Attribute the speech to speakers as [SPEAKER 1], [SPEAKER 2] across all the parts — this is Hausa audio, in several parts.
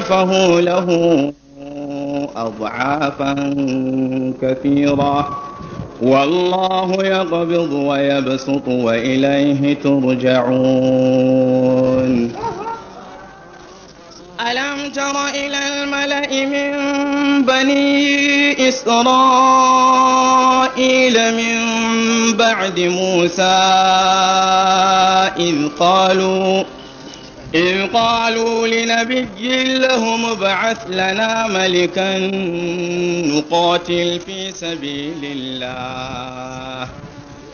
[SPEAKER 1] فأضعفه له أضعافا كثيرة والله يقبض ويبسط وإليه ترجعون ألم تر إلى الملأ من بني إسرائيل من بعد موسى إذ قالوا إذ قالوا لنبي لهم ابعث لنا ملكا نقاتل في سبيل الله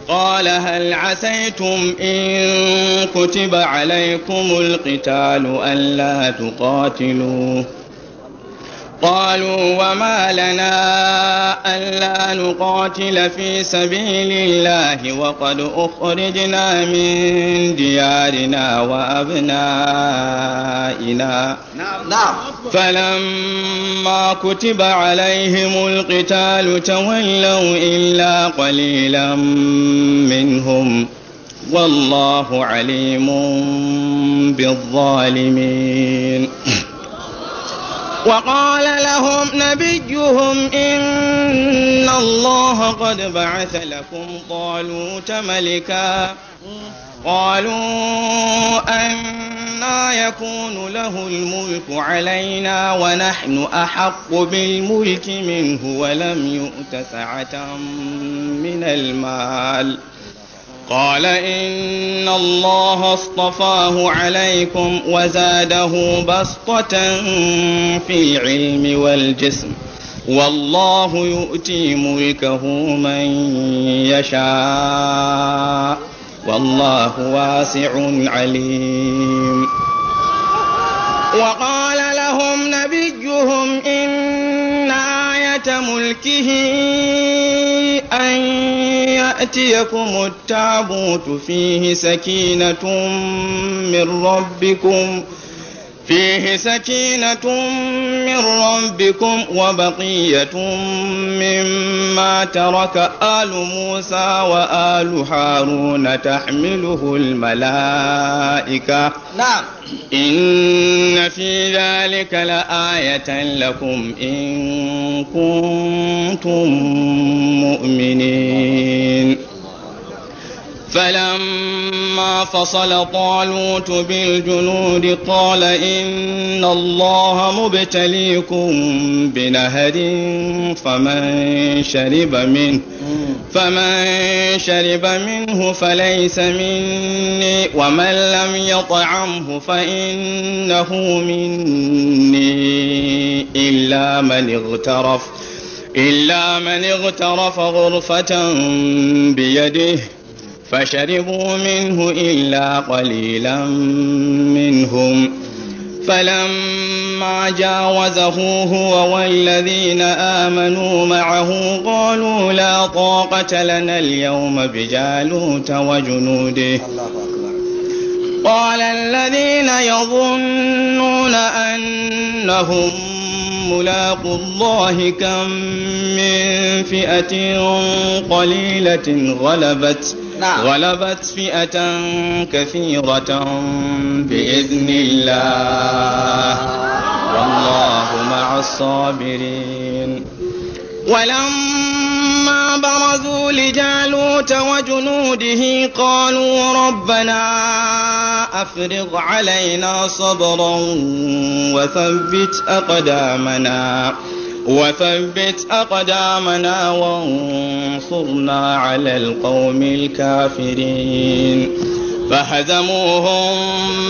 [SPEAKER 1] قال هل عسيتم إن كتب عليكم القتال ألا تقاتلوا قالوا وما لنا ألا نقاتل في سبيل الله وقد أخرجنا من ديارنا وأبنائنا نعم فلما كتب عليهم القتال تولوا إلا قليلا منهم والله عليم بالظالمين وقال لهم نبيهم إن الله قد بعث لكم طالوت ملكا قالوا أنا يكون له الملك علينا ونحن أحق بالملك منه ولم يؤت سعة من المال ۖ قال إن الله اصطفاه عليكم وزاده بسطة في العلم والجسم والله يؤتي ملكه من يشاء والله واسع عليم وقال لهم نبيهم إن آية ملكه أن يأتيكم التابوت فيه سكينة من ربكم ۖ فيه سكينة من ربكم وبقية مما ترك آل موسى وآل هارون تحمله الملائكة نعم إن في ذلك لآية لكم إن كنتم مؤمنين فلما فصل طالوت بالجنود قال إن الله مبتليكم بنهر فمن شرب منه فمن شرب منه فليس مني ومن لم يطعمه فإنه مني إلا من اغترف إلا من اغترف غرفة بيده فشربوا منه إلا قليلا منهم فلما جاوزه هو والذين آمنوا معه قالوا لا طاقة لنا اليوم بجالوت وجنوده قال الذين يظنون أنهم ملاق الله كم من فئة قليلة غلبت نعم. غلبت فئة كثيرة بإذن الله والله مع الصابرين ولما برزوا لجالوت وجنوده قالوا ربنا أفرغ علينا صبرا وثبت أقدامنا وثبت أقدامنا وانصرنا على القوم الكافرين فهزموهم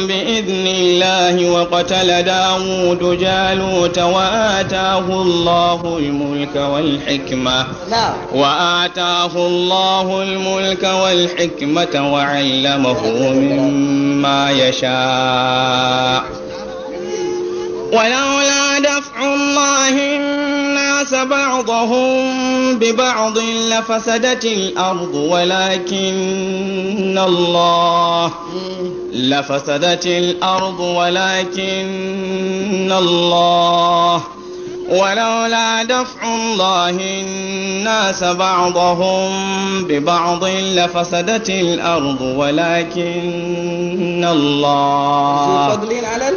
[SPEAKER 1] بإذن الله وقتل داود جالوت وآتاه الله الملك والحكمة وآتاه الله الملك والحكمة وعلمه مما يشاء ولولا دفع الله بَعَثَ بَعْضَهُم بِبَعْضٍ لَفَسَدَتِ الْأَرْضُ وَلَكِنَّ اللَّهَ لَفَسَدَتِ الْأَرْضُ وَلَكِنَّ اللَّهَ ولولا دفع الله الناس بعضهم ببعض لفسدت الأرض ولكن الله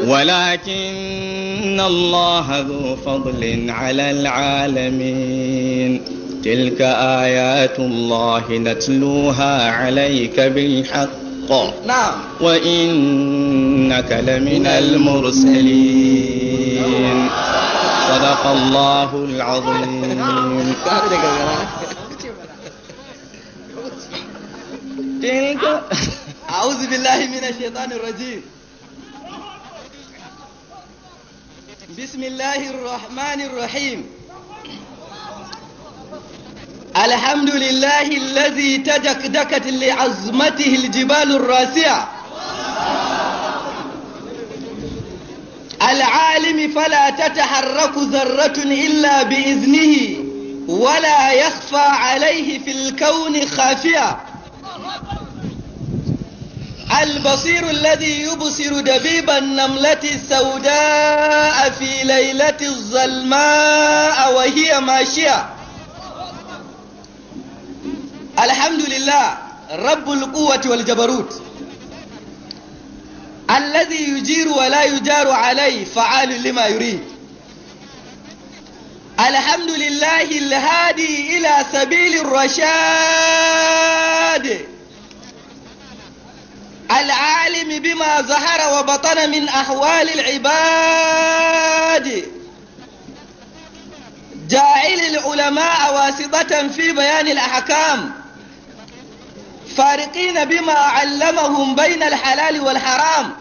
[SPEAKER 1] ولكن الله ذو فضل على العالمين تلك آيات الله نتلوها عليك بالحق نعم وإنك لمن المرسلين صدق الله العظيم
[SPEAKER 2] تلك أعوذ بالله من الشيطان الرجيم بسم الله الرحمن الرحيم الحمد لله الذي تدكدكت لعظمته الجبال الراسعة العالم فلا تتحرك ذرة إلا بإذنه ولا يخفى عليه في الكون خافية البصير الذي يبصر دبيب النملة السوداء في ليلة الظلماء وهي ماشية الحمد لله رب القوة والجبروت الذي يجير ولا يجار عليه فعال لما يريد الحمد لله الهادي إلى سبيل الرشاد العالم بما ظهر وبطن من أحوال العباد جاعل العلماء واسطة في بيان الأحكام فارقين بما علمهم بين الحلال والحرام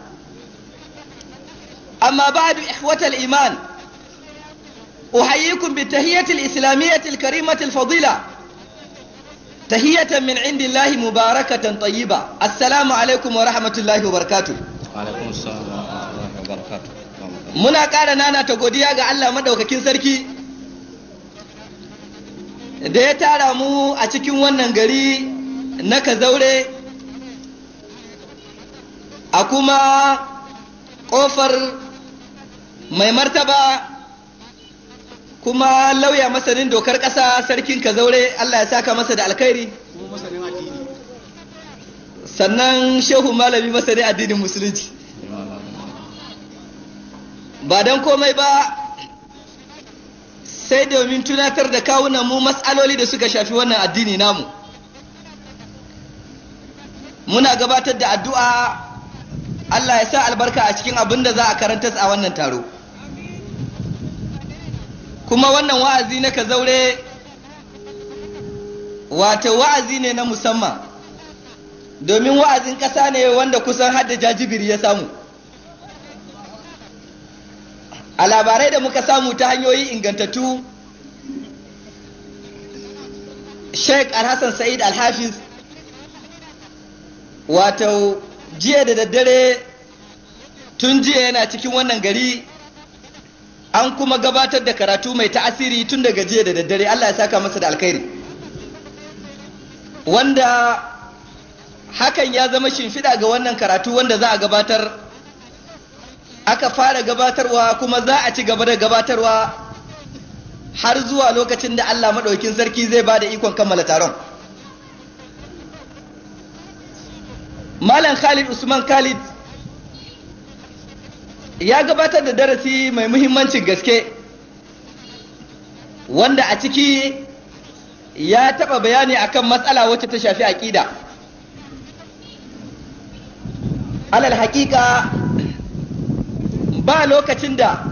[SPEAKER 2] أما بعد إخوة الإيمان أحييكم بالتهية الإسلامية الكريمة الفضيلة تهية من عند الله مباركة طيبة السلام عليكم ورحمة الله وبركاته وعليكم السلام ورحمة الله وبركاته muna ƙara nana ta godiya ga Allah madaukakin sarki da ya tara mu a cikin wannan gari na kazaure a kuma ƙofar mai martaba kuma lauya masanin dokar ƙasa sarkin kazaure Allah ya saka masa da alkhairi sannan shehu malami masanin addinin musulunci ba don komai ba sai domin tunatar da kawunan mu matsaloli da suka shafi wannan addini namu muna gabatar da addu'a Allah ya sa albarka a cikin abin da za a karanta a wannan taro. kuma wannan wa'azi na ka zaure wato wa'azi ne na musamman domin wa'azin ƙasa ne wanda kusan hadda jajibiri ya samu a labarai da muka samu ta hanyoyi ingantattu sheik alhassan sa'id alhafiz wato jiya da daddare tun jiya yana cikin wannan gari an kuma gabatar da karatu mai ta'asiri tun daga jiya da daddare Allah ya saka masa da alkhairi wanda hakan ya zama shimfiɗa ga wannan karatu wanda za a gabatar aka fara gabatarwa kuma za a ci gaba da gabatarwa har zuwa lokacin da Allah maɗaukin sarki zai ba da ikon kammala taron Malam Khalid Usman Khalid ya gabatar da darasi mai muhimmancin gaske wanda a ciki ya taɓa bayani akan matsala wacce ta shafi aƙida alal haƙiƙa ba lokacin da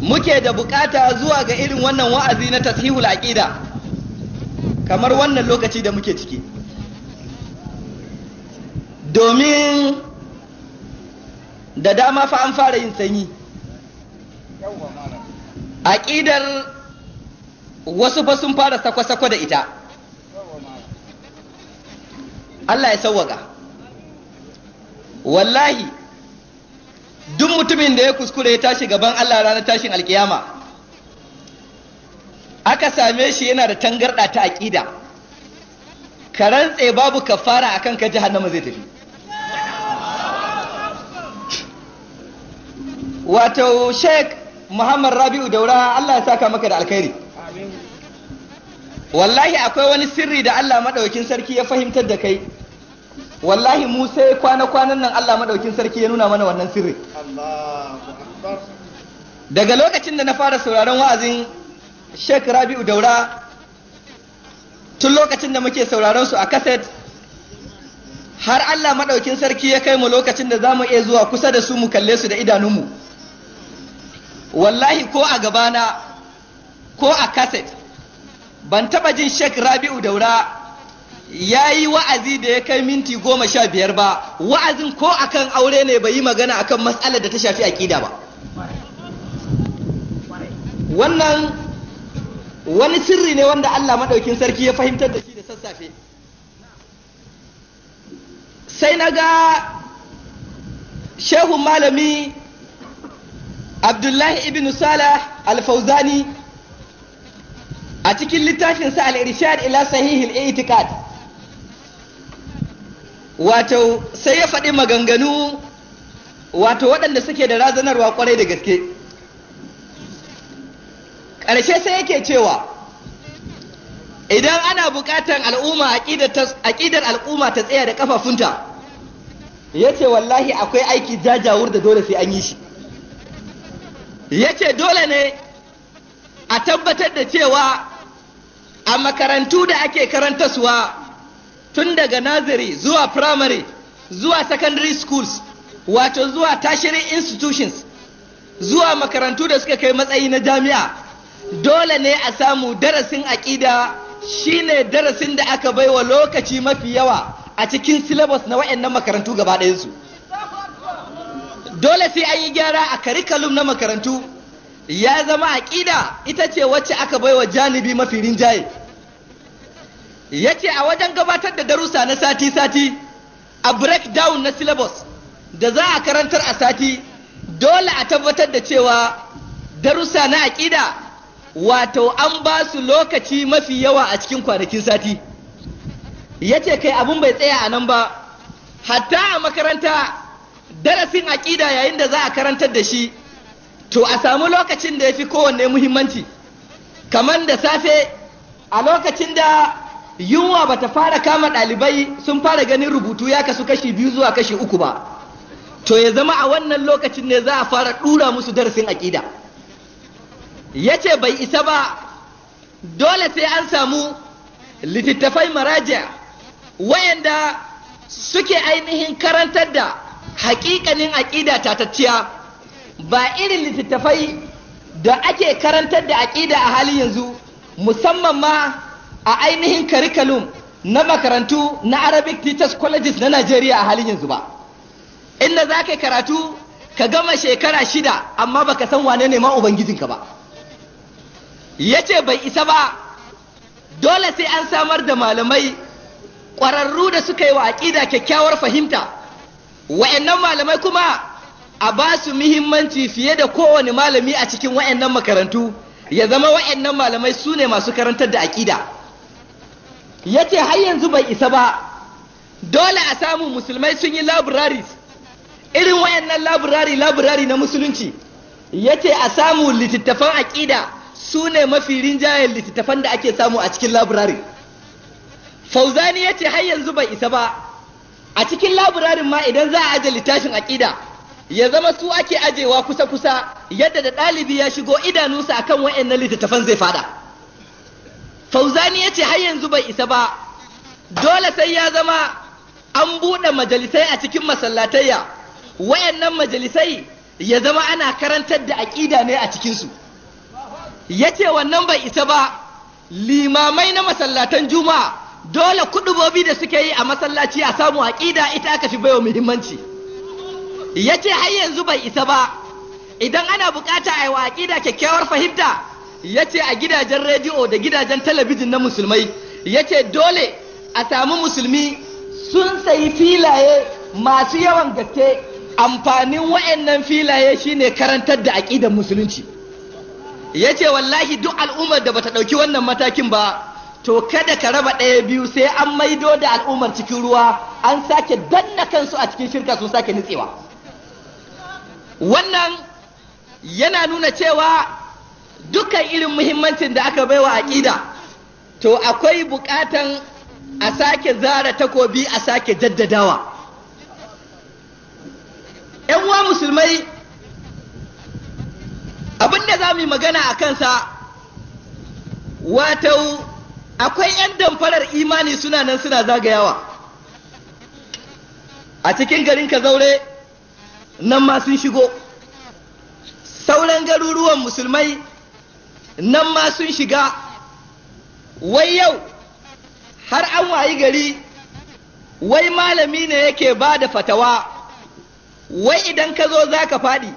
[SPEAKER 2] muke da bukata zuwa ga irin wannan wa'azi na tashihul aƙida kamar wannan lokaci da muke ciki domin da dama fa an fara yin sanyi aƙidar wasu fa sun fara sakwasakwa da ita Allah ya sauwaga. wallahi duk mutumin da ya kuskure ya tashi gaban Allah ranar tashin alkiyama aka same shi yana da tangarɗa ta aƙida ka rantse babu kafara akan ka jahannama zai tafi wato sheik muhammad rabi'u daura allah ya saka maka da alkhairi wallahi akwai wani sirri da allah maɗaukin sarki ya fahimtar da kai wallahi mu sai kwana-kwanan nan allah maɗaukin sarki ya nuna mana wannan sirri daga lokacin da na fara sauraron wa'azin sheik rabi'u daura tun lokacin da muke sauraron su a kaset har allah maɗaukin sarki ya kai mu lokacin da za mu iya zuwa kusa da su mu kalle su da idanunmu wallahi ko a gabana ko a kaset ban taba jin Sheikh Rabi'u Daura ya yi wa'azi da ya kai minti goma sha biyar ba wa'azin ko a kan aure ne bai yi magana akan matsalar da ta shafi aƙida ba wannan wani sirri ne wanda Allah maɗaukin sarki ya fahimtar da shi da sassafe sai na ga shehun malami abdullahi ibn salah al-fauzani a cikin littafinsa al-irshad ila sahihil i'tiqad wato sai ya faɗi maganganu wato waɗanda suke da razanarwa kwarai da gaske ƙarshe sai yake cewa idan ana buƙatar al'umma aƙidar al'umma ta tsaya da ƙafafunta ya ce wallahi akwai aiki jajawur da dole sai an yi shi yace dole ne a tabbatar da cewa a makarantu da ake karantaswa tun daga naziri zuwa primary zuwa secondary schools wato zuwa tertiary institutions zuwa makarantu da suka kai matsayi na jami'a dole ne a samu darasin aƙida shine darasin da aka baiwa lokaci mafi yawa a cikin syllabus na waɗannan makarantu gaba ɗayansu dole sai an yi gyara a karikalum na makarantu ya zama aƙida ita ce wacce aka baiwa janibi mafi rinjaye ya ce a wajen gabatar da darusa na sati-sati a breakdown na syllabus da za a karantar a sati dole a tabbatar da cewa darusa na aƙida wato an ba su lokaci mafi yawa a cikin kwanakin sati ya ce kai abin bai tsaya a nan ba hatta a makaranta darasin aƙida yayin da za a karantar da shi to a samu lokacin da ya fi kowanne muhimmanci kamar da safe a lokacin da yunwa ba ta fara kama ɗalibai sun fara ganin rubutu ya kasu kashi biyu zuwa kashi uku ba to ya zama a wannan lokacin ne za a fara ɗura musu darasin aƙida ya ce bai isa ba dole sai an samu littattafai maraja wayanda suke ainihin karantar da haƙiƙanin aƙida tatacciya ba irin littattafai da ake karantar da aƙida a halin yanzu musamman ma a ainihin curriculum na makarantu na arabic teachers colleges na najeriya a halin yanzu ba inda za ka karatu ka gama shekara shida amma baka san wane ne ma ubangijinka ba ya ce bai isa ba dole sai an samar da malamai ƙwararru da suka yi wa aƙida kyakkyawar fahimta wa'annan malamai kuma a ba su muhimmanci fiye da kowane malami a cikin wa'annan makarantu ya zama wa'annan malamai su ne masu karantar da aƙida ya ce har yanzu bai isa ba dole a samu musulmai sun yi labiraris irin wa'annan labirari labirari na musulunci ya ce a samu littattafan aƙida su ne mafi rinjayen littattafan da ake samu a cikin labirari fauzani ya ce har yanzu bai isa ba a cikin laburarin ma idan za a aje littafin aƙida ya zama su ake ajewa kusa-kusa yadda da ɗalibi ya shigo idanunsa akan wa'annan littattafan zai fada fauzani ya ce har yanzu bai isa ba dole sai ya zama an buɗe majalisai a cikin masallatayya wayannan majalisai ya zama ana karantar da aƙida ne a cikinsu ya ce wannan bai isa ba limamai na masallatan juma'a dole kudubobi da suke yi a masallaci a samu aƙida ita aka fi baiwa muhimmanci ya ce har yanzu bai isa ba idan ana bukata a yi wa aƙida kyakkyawar fahimta ya ce a gidajen rediyo da gidajen talabijin na musulmai ya ce dole a samu musulmi sun sayi filaye masu yawan gaske amfanin wa'annan filaye shine karantar da aƙidan musulunci ya ce wallahi duk al'ummar da bata ɗauki wannan matakin ba to kada ka raba ɗaya biyu sai an maido da al'ummar cikin ruwa an sake danna kansu a cikin shirka sun sake nutsewa wannan yana nuna cewa dukkan irin muhimmancin da aka baiwa aƙida to akwai buƙatan a sake zara takobi a sake jaddadawa ‘yan uwa musulmai abinda za mu yi magana a kansa wato akwai 'yan damfarar imani suna nan suna zagayawa a cikin garin ka zaure nan ma sun shigo sauran garuruwan musulmai nan ma sun shiga wai yau har an wayi gari wai malami ne yake ba da fatawa wai idan ka zo za ka faɗi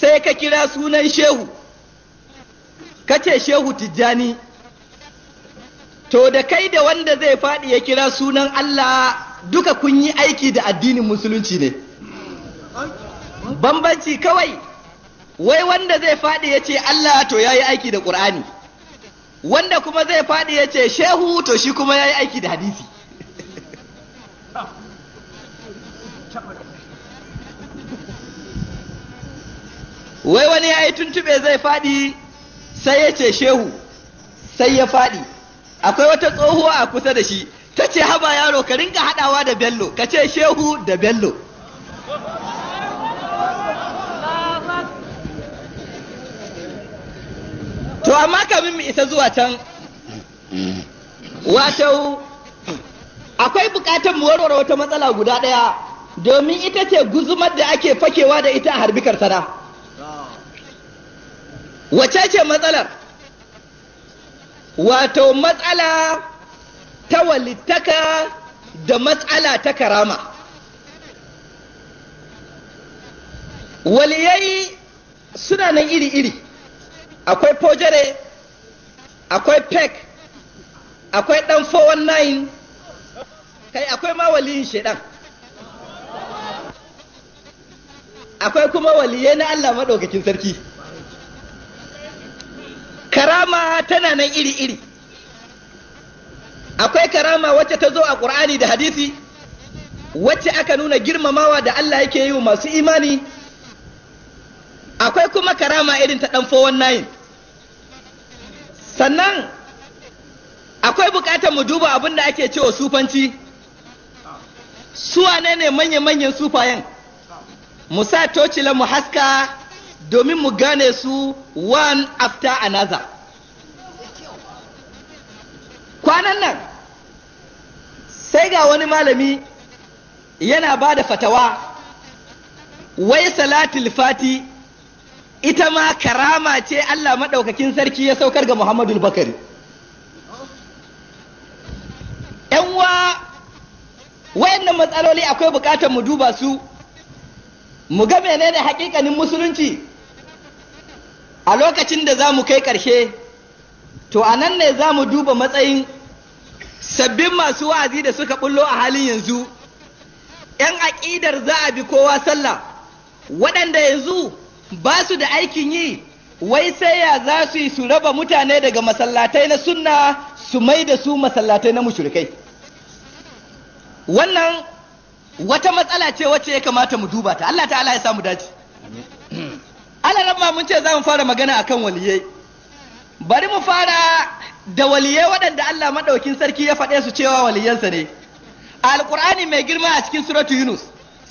[SPEAKER 2] sai ka kira sunan shehu ka ce shehu tijjani to da kai da wanda zai faɗi ya kira sunan Allah duka kun yi aiki da addinin musulunci ne bambanci kawai wai wanda zai faɗi ya ce Allah to ya yi aiki da ƙur'ani wanda kuma zai faɗi ya ce shehu to shi kuma ya yi aiki da hadisi wai wani ya yi tuntuɓe zai faɗi sai ya ce shehu sai ya faɗi akwai wata tsohuwa a kusa da shi ta ce haba yaro ka ringa haɗawa da bello ka ce shehu da bello to amma kamin mu isa zuwa can wato akwai bukatar mu warware wata matsala guda ɗaya domin ita ce guzumar da ake fakewa da ita a harbikar sana wace ce matsalar wato matsala ta walittaka da matsala ta karama waliyai suna nan iri-iri akwai fojere akwai pek akwai dan 419 kai akwai ma waliyin shedan akwai kuma waliyai na Allah maɗaukakin sarki karama tana nan iri-iri akwai karama wacce ta zo a ƙur'ani da hadisi wacce aka nuna girmamawa da Allah yake yi wa masu imani akwai kuma karama irin ta ɗan nayin? sannan akwai bukatar mu duba abin da ake cewa sufanci suwa ne ne manya-manyan sufayen mu sa la mu haska domin mu gane su one after another kwanan nan sai ga wani malami yana ba da fatawa wai salatul fati ita ma karama ce Allah maɗaukakin sarki ya saukar ga Muhammadu Bakari. ‘Yanwa wayannan matsaloli akwai bukatar mu duba su, mu ga menene hakikanin musulunci a lokacin da za mu kai ƙarshe to a nan ne za mu duba matsayin sabbin masu wa'azi da suka bullo a halin yanzu ‘yan aƙidar za a bi kowa sallah waɗanda yanzu ba su da aikin yi wai sai ya za su yi su raba mutane daga masallatai na sunna su mai da su masallatai na mushrikai wannan wata matsala ce wacce ya kamata mu duba ta Allah ta'ala ya samu dace ma mun ce za mu fara magana akan waliyai bari mu fara da waliyai waɗanda Allah maɗaukin sarki ya faɗe su cewa waliyansa ne alkur'ani mai girma a cikin suratu yunus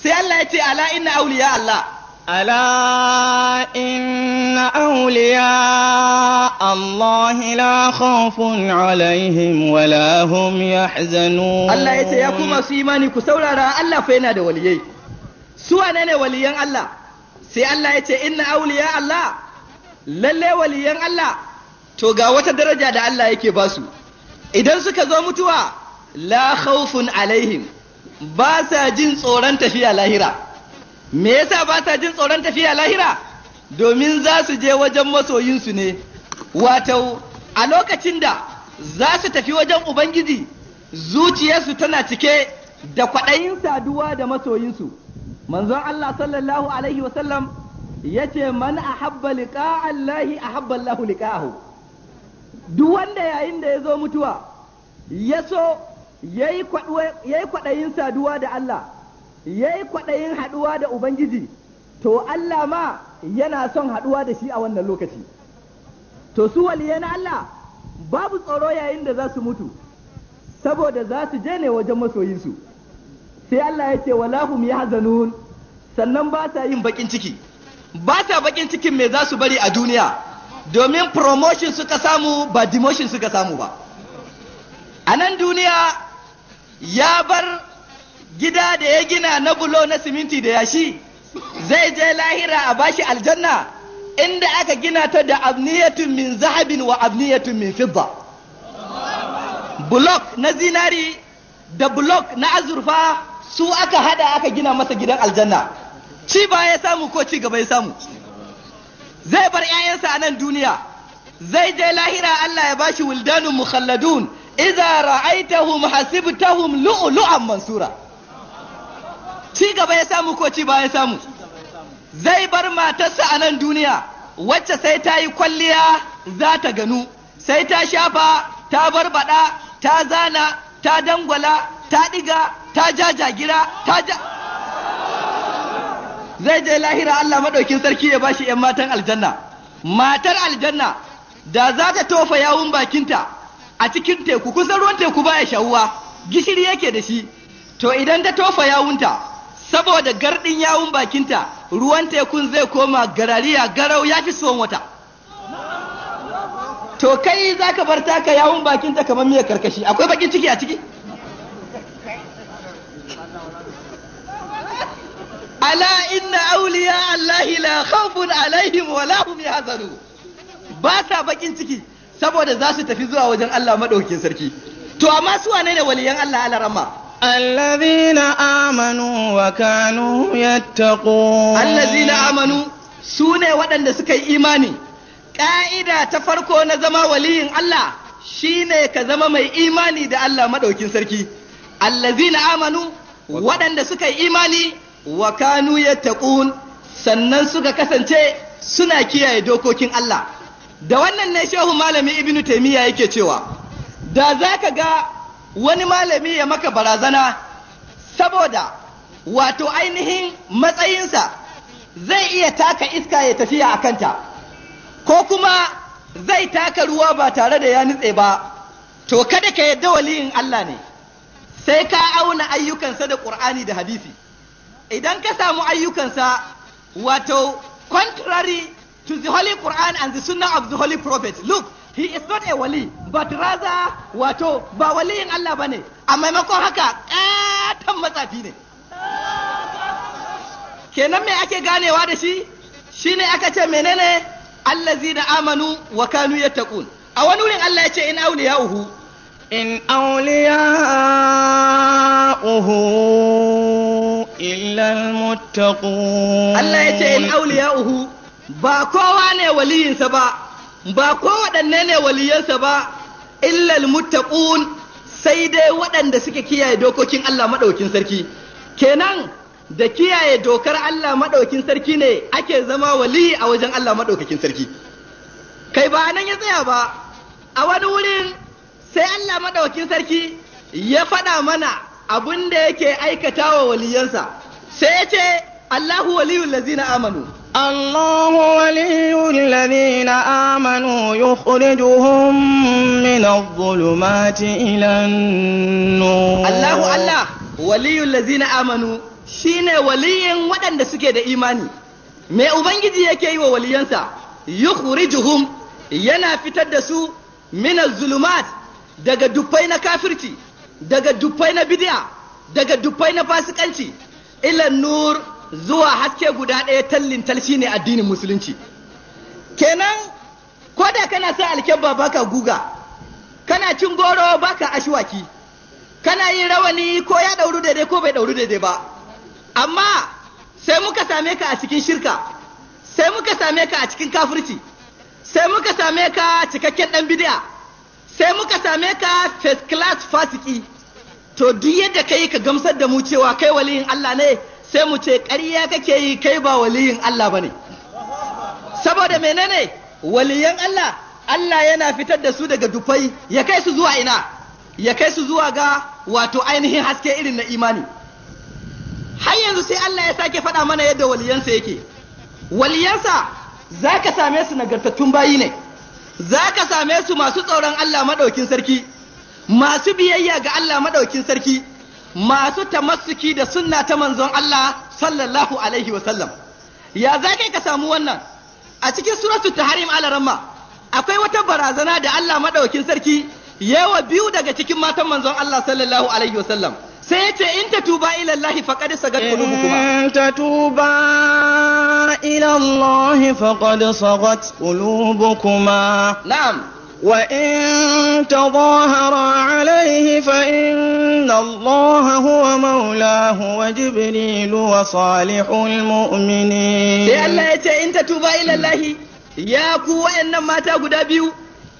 [SPEAKER 2] sai Allah ya ce ala inna auliya Allah ala inna
[SPEAKER 1] auliya Allah la khawfun alaihim wa la hum
[SPEAKER 2] yahzanun Allah ya ce ya kuma su imani ku saurara Allah fa yana da waliyai su wane ne waliyan Allah sai Allah ya ce inna auliya Allah lalle waliyan Allah to ga wata daraja da Allah yake ba su idan suka zo mutuwa la khawfun alaihim ba sa jin tsoron tafiya lahira me yasa ba sa jin tsoron tafiya lahira domin za su je wajen masoyinsu ne wato a lokacin da za su tafi wajen ubangiji zuciyarsu tana cike da kwaɗayin saduwa da masoyinsu manzon Allah sallallahu alaihi wasallam ya ce man ahabba liqa'a Allahi ahabba Allahu liqa'ahu duk wanda yayin da ya zo mutuwa ya so yayi kwaɗayin saduwa da Allah yayi kwaɗayin haɗuwa da ubangiji to Allah ma yana son haɗuwa da shi a wannan lokaci to su waliyai na Allah babu tsoro yayin da za su mutu saboda za su je ne wajen masoyinsu sai Allah ya ce wala yahzanun sannan ba ta yin bakin ciki ba ta bakin cikin me za su bari a duniya domin promotion suka samu ba demotion suka samu ba a nan duniya ya bar gida da ya gina na bulo na siminti da yashi zai je lahira a bashi aljanna inda aka gina ta da abniyatun min zahabin wa abniyatun min fidda bulok na zinari da bulok na azurfa su aka hada aka gina masa gidan aljanna ci ba ya samu ko ci gaba ya samu zai bar 'ya'yansa a nan duniya zai je lahira Allah ya bashi wildanun mukhalladun idza ra'aitahum hasibtahum lu'lu'an mansura ci gaba ya samu ko ci ba ya samu zai bar matarsa a nan duniya wacce sai ta yi kwalliya za ta ganu sai ta shafa ta barbada ta zana ta dangwala ta diga ta ja jagira ta ja zai je lahira Allah madaukin sarki ya bashi yan matan aljanna matar aljanna da za ta tofa yawun bakinta a cikin teku kusan ruwan teku baya shawuwa gishiri yake da shi to idan ta tofa yawunta saboda gardin yawun bakinta ruwan tekun zai koma garariya garau ya fi son wata to kai za ka bar taka yawun bakinta kamar miyar karkashi akwai bakin ciki a ciki ala inna awliya allahi la khawfun alaihim wa la hum yahzanun ba ta bakin ciki saboda za su tafi zuwa wajen Allah madaukakin sarki to amma su wane ne waliyan Allah alarama الذين آمنوا وكانوا
[SPEAKER 1] يتقون
[SPEAKER 2] الذين آمنوا سونة ودن yi imani. ƙa'ida ta farko na zama waliyin Allah shine ka zama mai imani da Allah maɗaukin sarki allazina amanu waɗanda suka yi imani wa kanu yattaqun sannan suka kasance suna kiyaye dokokin Allah da wannan ne shehu malami ibnu taymiya yake cewa da zaka ga wani malami ya maka barazana saboda wato ainihin matsayinsa zai iya taka iska ya tafiya a kanta ko kuma zai taka ruwa ba tare da ya nutse ba to kada ka yadda waliyin Allah ne sai ka auna ayyukansa da ƙur'ani da hadisi idan ka samu ayyukansa wato contrary to the holy quran and the sunnah of the holy prophet look he is not a wali but rather wato ba waliyin Allah bane a maimakon haka katan matsafi ne kenan me ake ganewa da shi shine aka ce menene da amanu wa kanu yattaqun a wani wurin Allah ya ce in uhu? in uhu. Allah إلا المتقون auliya uhu. Ba kowa ne waliyinsa ba ba ko waɗanne ne waliyansa ba illal muttaqun sai dai waɗanda suke kiyaye dokokin Allah maɗaukin sarki kenan da kiyaye dokar Allah maɗaukin sarki ne ake zama wali a wajen Allah maɗaukakin sarki kai ba nan ya tsaya ba a wani wurin sai Allah maɗaukin sarki ya faɗa mana abin da yake wa waliyansa sai ya ce Allahu waliyul ladzina amanu Allahu! الله yi الذين
[SPEAKER 1] آمنوا يخرجهم من
[SPEAKER 2] ilannu. Allahu Allah! الله الله ولي Amanu shi shine waliyin waɗanda suke da imani Me ubangiji yake yi wa waliyansa yukhrijuhum yana fitar da su min zulumat daga dufai na kafirci daga dufai na bidiya daga dufai na fasikanci Ilan nur zuwa haske guda ɗaya tallin talshi ne addinin musulunci kenan ko da kana sa alkyabba baka guga kana cin goro baka ashwaki kana yin rawani ko ya ɗauru daidai ko bai ɗauru daidai ba amma sai muka same ka a cikin shirka sai muka same ka a cikin kafirci sai muka same ka cikakken ɗan bidiya sai muka same ka first class fasiki to duk yadda kai ka gamsar da mu cewa kai waliyin Allah ne sai mu ce ƙarya kake yi kai ba waliyin Allah ba ne. saboda menene waliyan Allah Allah yana fitar da su daga dufai ya kai su zuwa ina ya kai su zuwa ga wato ainihin haske irin na imani har yanzu sai Allah ya sake faɗa mana yadda waliyansa yake waliyansa za ka same su nagartattun bayi ne za ka same su masu tsoron Allah maɗaukin sarki masu biyayya ga Allah maɗaukin sarki masu tamassuki da sunna ta manzon Allah sallallahu alaihi wasallam ya za kai ka samu wannan a cikin suratu taharim alaramma akwai wata barazana da Allah maɗaukin sarki yawa biyu daga cikin matan manzon Allah sallallahu alaihi wasallam sai ya ce in tatuba tuba ilallahi faqad sagat qulubukuma in
[SPEAKER 1] tatuba tuba ilallahi faqad sagat qulubukuma na'am Wa in ta وإن تظاهر Allah huwa الله هو مولاه وجبريل وصالح
[SPEAKER 2] mu'mini. sai Allah ya ce in ta tuba ilallahi ya ku wayannan mata guda biyu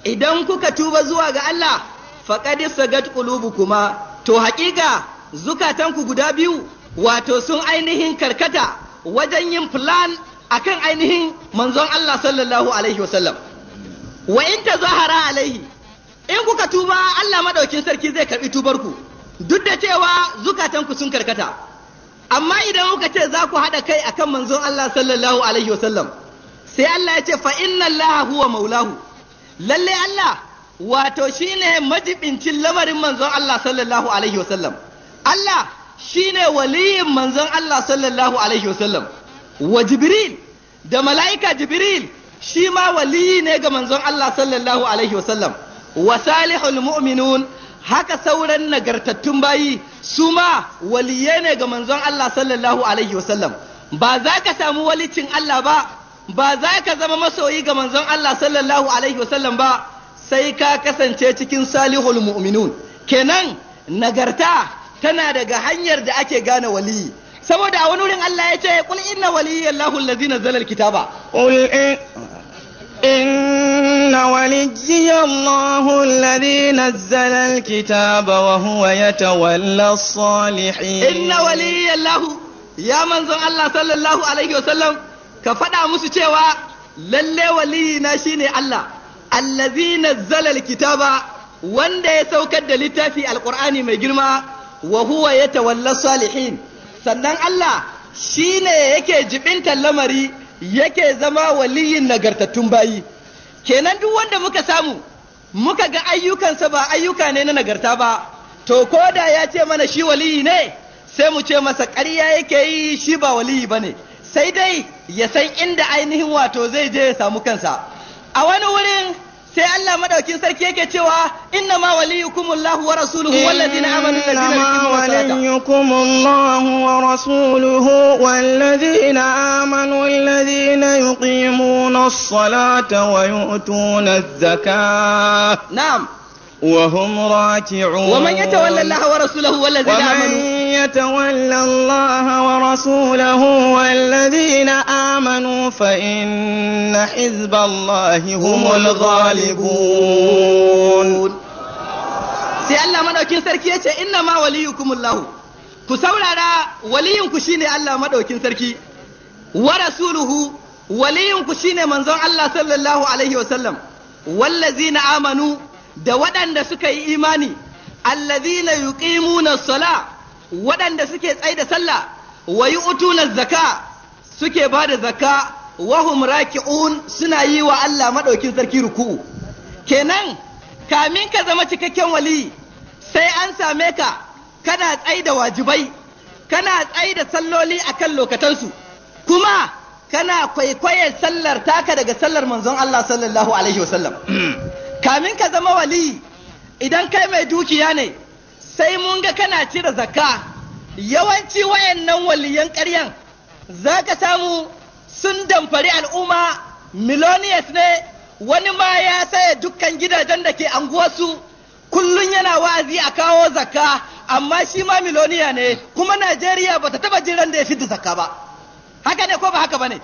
[SPEAKER 2] idan kuka tuba zuwa ga Allah faqad sagat qulubukuma to haƙiƙa zukatanku guda biyu wato sun ainihin karkata wajen yin plan akan ainihin manzon Allah sallallahu alaihi wasallam wa in alaihi in kuka tuba Allah madaukin sarki zai karɓi tubarku duk da cewa zukatanku sun karkata amma idan kuka ce za ku haɗa kai akan manzon Allah sallallahu alaihi wasallam sai Allah ya ce fa inna Allah huwa maulahu lalle Allah wato shine majibincin lamarin manzon Allah sallallahu alaihi wasallam Allah shi ne waliyin manzon Allah sallallahu alaihi wasallam wa Jibril da mala'ika Jibril shi ma waliyi ne ga manzon Allah sallallahu alaihi wasallam wa salihul mu'minun haka sauran nagartattun bayi su ma waliye ne ga manzon Allah sallallahu alaihi wasallam ba za ka samu walicin Allah ba ba za ka zama masoyi ga manzon Allah sallallahu alaihi wasallam ba sai ka kasance cikin salihul mu'minun kenan nagarta tana daga hanyar da ake gane waliyi saboda a wani wurin Allah ya ce qul inna waliyallahu allazi nazzala alkitaba qul
[SPEAKER 1] inna waliyallahu allazi zalal kitaba, wa huwa yatawalla as-salihin inna
[SPEAKER 2] waliyallahu ya manzon Allah sallallahu alaihi wa sallam ka faɗa musu cewa lalle waliyina shine Allah allazi zalal kitaba, wanda ya saukar da littafi alqur'ani mai girma wa huwa tawalla salihin sannan Allah shi ne yake jibintar lamari yake zama waliyin nagartattun bayi kenan duk wanda muka samu muka ga ayyukansa ba ayyuka ne na nagarta ba to ko da ya ce mana shi waliyi ne sai mu ce masa ƙarya yake yi shi ba waliyi ba ne sai dai ya san inda ainihin wato zai je ya samu kansa a wani wurin sai Allah madaukin sarki yake cewa inna ma waliyukum Allahu wa rasuluhu wallazina amanu allazina yuqimuna
[SPEAKER 1] waliyukum Allahu wa rasuluhu wallazina amanu allazina yuqimuna as-salata wa yu'tuna az-zakata na'am وهم راكعون ومن يتولى الله ورسوله والذين آمنوا ومن يتولى الله ورسوله والذين آمنوا فإن حزب الله هم
[SPEAKER 2] الغالبون sai Allah madaukin sarki ya ce inna ma waliyukumullahu ku saurara waliyinku shine Allah madaukin sarki wa rasuluhu waliyinku shine manzon Allah sallallahu alaihi wa wasallam wallazina amanu da waɗanda suka yi imani allazina yuqimuna sala waɗanda suke tsaida sallah wa yu'tuna zaka suke ba da zaka wa hum raki'un suna yi wa Allah madaukin sarki ruku'u kenan kamin ka zama cikakken wali sai an same ka kana tsaida wajibai kana tsaida salloli akan lokatansu kuma kana kwaikwaye sallar taka daga sallar manzon Allah sallallahu alaihi wasallam kamin ka zama wali idan kai mai dukiya ne sai mun ga kana cire zakka yawanci wayannan waliyan ƙaryan za ka samu sun damfari al'umma miloniyas ne wani ma ya saya dukkan gidajen da ke anguwarsu kullum yana wa'azi a kawo zakka amma shi ma miloniya ne kuma najeriya ba ta taba jiran da ya fidda zakka ba haka ne ko ba haka ba ne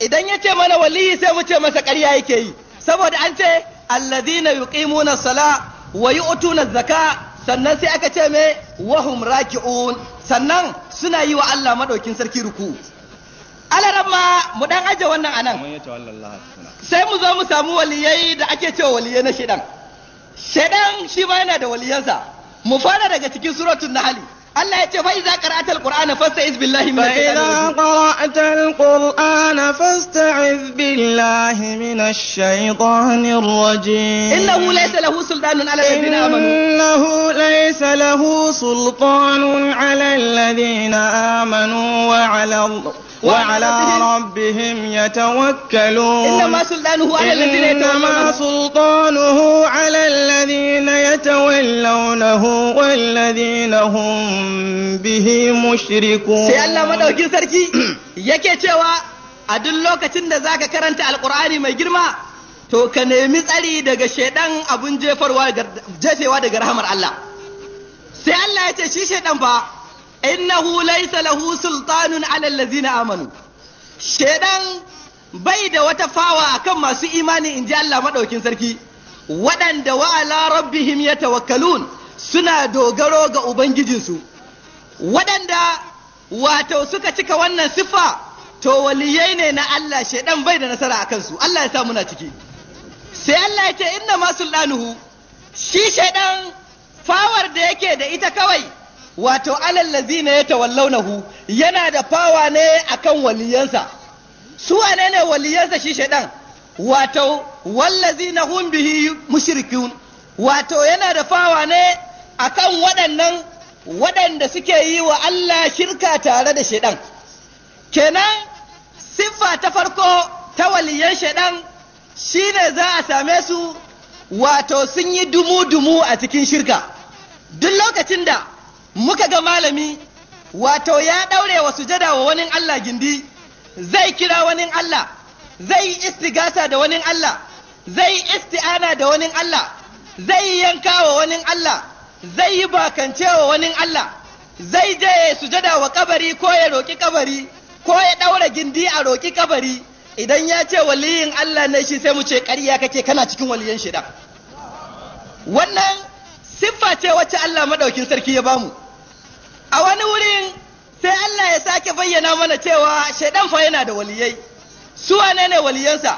[SPEAKER 2] idan ya ce mana waliyi sai mu ce masa ƙarya yake yi saboda an ce alladhina yuqimuna sala wa yu'tuna zaka sannan sai aka ce me wahum raki'un sannan suna yi wa Allah madaukin sarki ruku ma mu dan aje wannan anan sai mu zo mu samu waliyai da ake cewa waliyai na shedan shedan shi ma yana da waliyansa mu fara daga cikin suratul nahl Allah ya ce fa idza qara'atal qur'ana fasta'iz billahi minash shaitanir rajim.
[SPEAKER 1] Fa idza qara'atal qur'ana fasta'iz billahi minash shaitanir rajim. Innahu laysa lahu sultanun 'ala alladhina amanu. Innahu laysa lahu sultanun 'ala amanu وعلى ربهم يتوكلون إنما سلطانه على الذين يتولونه إنما سلطانه على الذين يتولونه والذين هم به مشركون sai Allah madaukin
[SPEAKER 2] sarki yake cewa a duk lokacin da zaka karanta Alƙur'ani mai girma to ka nemi tsari daga shedan abun jefarwa jefewa daga rahamar Allah sai Allah ya ce shi shedan fa innahu laysa lahu sultanun ala allazina amanu shedan bai da wata fawa akan masu imani inji Allah madaukin sarki waɗanda wa ala rabbihim yatawakkalun suna dogaro ga ubangijinsu waɗanda wato suka cika wannan siffa to waliyai ne na Allah shedan bai da nasara a kansu Allah ya sa muna ciki sai Allah ya ce inna ma sultanuhu shi shaidan fawar da yake da ita kawai wato Alal ne ya tawallaunahu yana da fawa ne akan waliyansa su wane ne waliyansa shi shaidan wato wallazi hum bihi mushrikun wato yana da fawa ne akan waɗannan waɗanda suke yi wa Allah shirka tare da shaidan kenan siffa ta farko ta waliyan shaidan shine za a same su wato sun yi dumu-dumu a cikin shirka duk lokacin da muka ga malami wato ya ɗaure wa sujada wa wani Allah gindi zai kira wani Allah zai yi istigasa da wani Allah zai isti'ana da wani Allah zai yi yanka wa wani Allah zai yi bakance wa wani Allah zai je ya sujada wa kabari ko ya roki kabari ko ya ɗaura gindi a roki kabari idan ya ce waliyin Allah ne shi sai mu ce ƙarya kake kana cikin waliyan shida wannan siffa ce wacce Allah maɗaukin sarki ya bamu a wani wurin sai Allah ya sake bayyana mana cewa shaidan fa yana da waliyai su wane ne waliyansa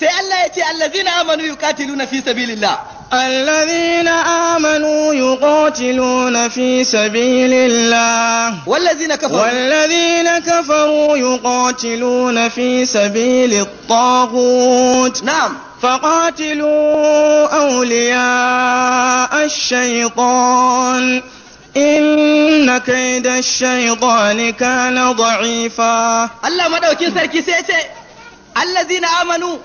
[SPEAKER 2] sai Allah ya ce allazina amanu yuqatiluna fi sabilillah الذين آمنوا يقاتلون
[SPEAKER 1] في سبيل الله والذين كفروا والذين كفروا يقاتلون في سبيل الطاغوت نعم فقاتلوا أولياء الشيطان inna kaida shaytani kana da'ifa
[SPEAKER 2] Allah Maɗaukin sarki sai ce Allah zina amanu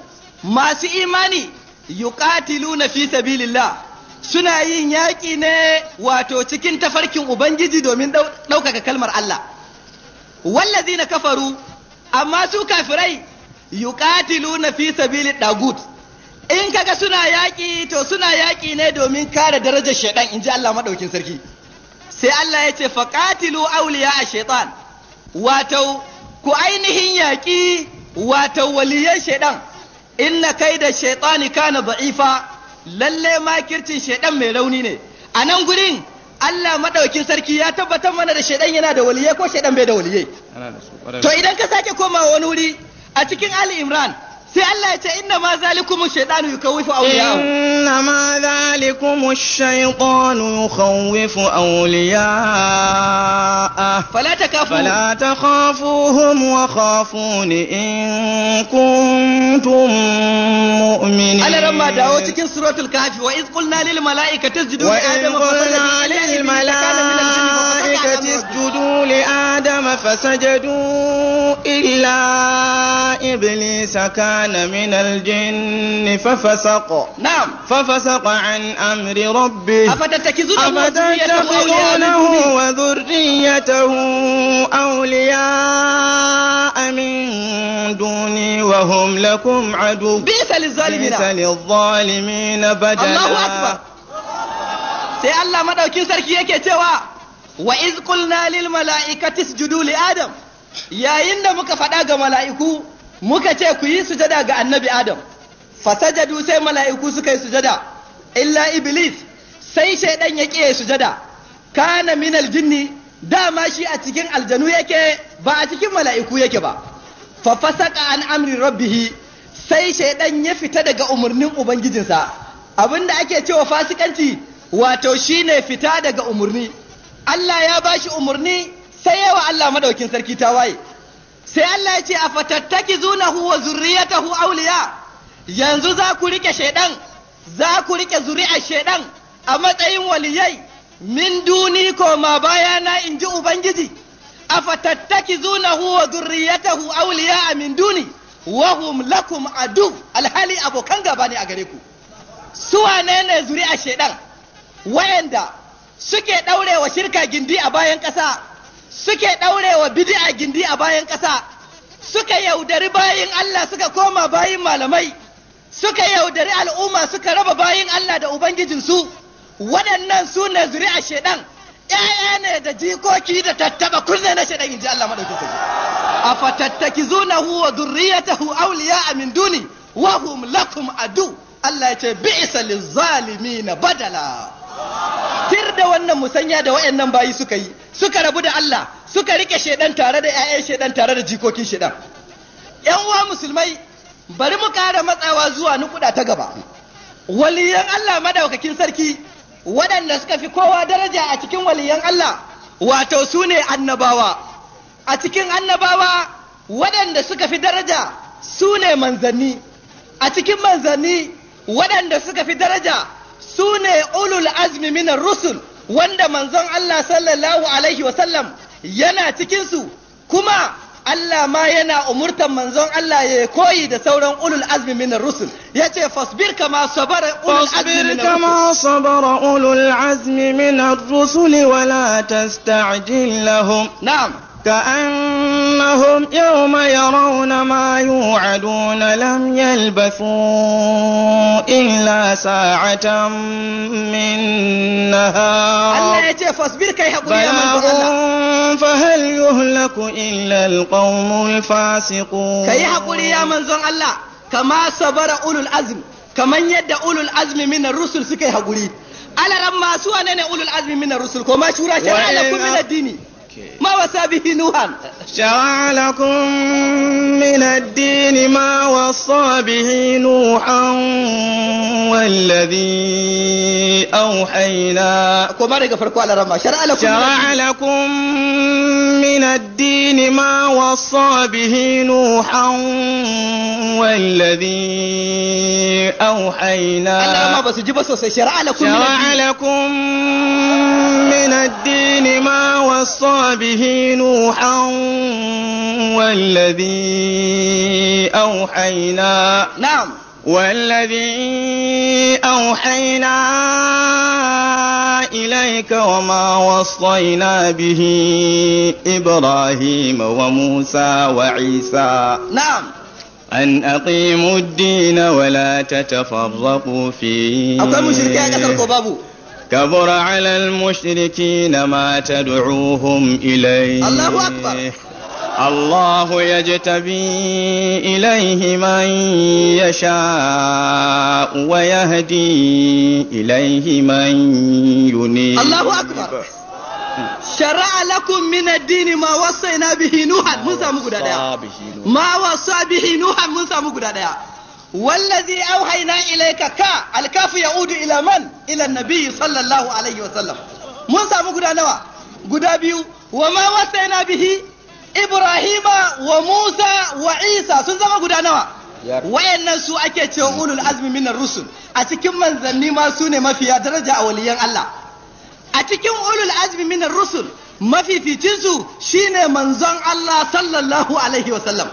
[SPEAKER 2] masu imani yuqatiluna fi sabilillah suna yin yaƙi ne wato cikin tafarkin ubangiji domin ɗaukaka kalmar Allah na kafaru amma su kafirai yuqatiluna fi sabili dagut in kaga suna yaƙi to suna yaƙi ne domin kare darajar shaidan ji Allah Maɗaukin sarki sai Allah ya ce faƙatilu auliya a shaitan wato ku ainihin yaƙi wato waliyan shaitan inna kai da shaitani kana ba'ifa lalle makircin shaitan mai rauni ne a nan gurin Allah maɗaukin sarki ya tabbatar mana da shaitan yana da waliye ko shaitan bai da waliye to idan ka sake komawa wani wuri a cikin Ali Imran sai Allah ya ce inna ma zalikum shaytanu yukawwifu awliya'ahu
[SPEAKER 1] inna ma zalikum shaytanu yukawwifu awliya'ahu
[SPEAKER 2] fala takhafu fala
[SPEAKER 1] takhafuhum wa khafuni in kuntum mu'minin ala ramma dawo cikin
[SPEAKER 2] suratul kahfi wa iz qulna lil mala'ikati isjudu li adama wa qulna lil mala'ikati
[SPEAKER 1] isjudu li adama fasajadu illa iblisa kana كان من الجن ففسق نعم ففسق عن أمر ربه أفتتخذونه وذريته أولياء من دوني وهم لكم عدو بئس للظالمين بئس للظالمين بدلا الله أكبر
[SPEAKER 2] sai Allah madaukin sarki yake cewa wa iz qulna lil mala'ikati isjudu li adam yayin da muka faɗa ga mala'iku muka ce ku yi sujada ga annabi adam fasajadu sai mala'iku suka yi sujada illa iblis sai shaidan ya ƙiye sujada kana min jinni dama shi a cikin aljanu yake ba a cikin mala'iku yake ba fa fasaka an amri rabbihi sai shaidan ya fita daga umarnin ubangijinsa da ake cewa fasikanci wato shine fita daga umarni Allah ya bashi umarni sai yawa Allah madaukin sarki ta waye sai Allah ya ce a fatattaki zunahu wa zurriyatahu auliya yanzu za ku rike shaidan za ku rike zuri'a shaidan a matsayin waliyai min duni ko ma baya na in ji ubangiji a fatattaki zunahu wa zurriyatahu auliya a min duni wa lakum adu alhali abokan gaba ne a gare ku su wane ne zuri'a shaidan wayanda suke ɗaurewa shirka gindi a bayan ƙasa suke ɗaurewa bid'a gindi a bayan ƙasa suka yaudari bayin Allah suka koma bayin malamai suka yaudari al'umma suka raba bayan Allah da ubangijinsu waɗannan su ne zuri'a shaidan ‘ya'ya ne da jikoki da tattaba kunne na shaidan inji Allah maɗauki a fatattaki zuna huwa hu auliya a min duni lakum adu Allah ya ce na badala tir da wannan musanya da wayannan bayi suka yi suka rabu da Allah suka rike shedan tare da ƴaƴan shedan tare da jikokin shedan ƴan uwa musulmai bari mu ƙara matsawa zuwa nukuda ta gaba waliyan Allah madaukakin sarki waɗanda suka fi kowa daraja a cikin waliyan Allah wato su ne annabawa a cikin annabawa waɗanda suka fi daraja su ne manzanni a cikin manzanni waɗanda suka fi daraja su ne ulul azmi minar rusul wanda manzon Allah sallallahu alaihi wasallam yana cikinsu kuma Allah ma yana umurtan manzon Allah ya koyi da sauran ulul azmi minar rusul ya ce fasbir kama sabara ulul azmi minar rusul kama sabara ulul azmi minar rusul
[SPEAKER 1] wala tasta'jil lahum na'am كأنهم يوم يرون ما يوعدون لم يلبثوا إلا ساعة من نهار الله يجي
[SPEAKER 2] فاصبر كي بلاغ
[SPEAKER 1] فهل يهلك إلا القوم الفاسقون كي حقولي يا
[SPEAKER 2] منزون الله كما صبر أولو الأزم كمن يد أولو الأزم من الرسل سكي حقولي على رمى سوى أولو الأزم من الرسل كما شورا شرع لكم من الدين ما وصى به نوحا شرع لكم
[SPEAKER 1] من الدين ما وصى به نوحا والذي أوحينا شرع لكم, شرع لكم من الدين ما وصى به نوحا والذي أوحينا شرع لكم من الدين ما وصى به نوحا والذي أوحينا نعم والذي أوحينا إليك وما وصينا به إبراهيم وموسى وعيسى نعم أن أقيموا الدين ولا تتفرقوا فيه أقيموا شركة قبابو كبر على المشركين ما تدعوهم إليه الله أكبر الله يجتبي إليه من يشاء ويهدي إليه من ينيب الله أكبر
[SPEAKER 2] شرع لكم من الدين ما وصينا به نوحا موسى مغدا ما وصى به نوحا موسى مغدا wallazi auhaina ilaika ka alkafu udu ila man ila nabi sallallahu alaihi wasallam mun samu guda nawa guda biyu wa ma wasaina bihi ibrahima wa musa wa isa sun zama guda nawa wayannan su ake cewa ulul azmi minar rusul a cikin manzanni ma su ne mafiya daraja a waliyan Allah a cikin ulul azmi na rusul Mafificinsu su shine manzon Allah sallallahu alaihi wasallam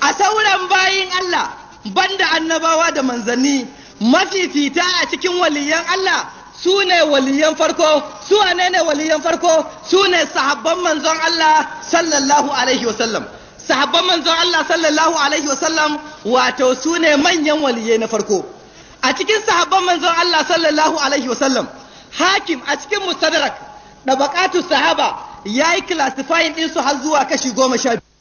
[SPEAKER 2] a sauran bayin Allah banda annabawa da manzanni mafifita a cikin waliyan Allah su ne waliyan farko su wane ne waliyan farko su ne sahabban manzon Allah sallallahu alaihi wasallam sahabban manzon Allah sallallahu alaihi wasallam wato su ne manyan waliyai na farko a cikin sahabban manzon Allah sallallahu alaihi wasallam hakim a cikin mustadrak da bakatu sahaba ya yi din su har zuwa kashi goma sha biyu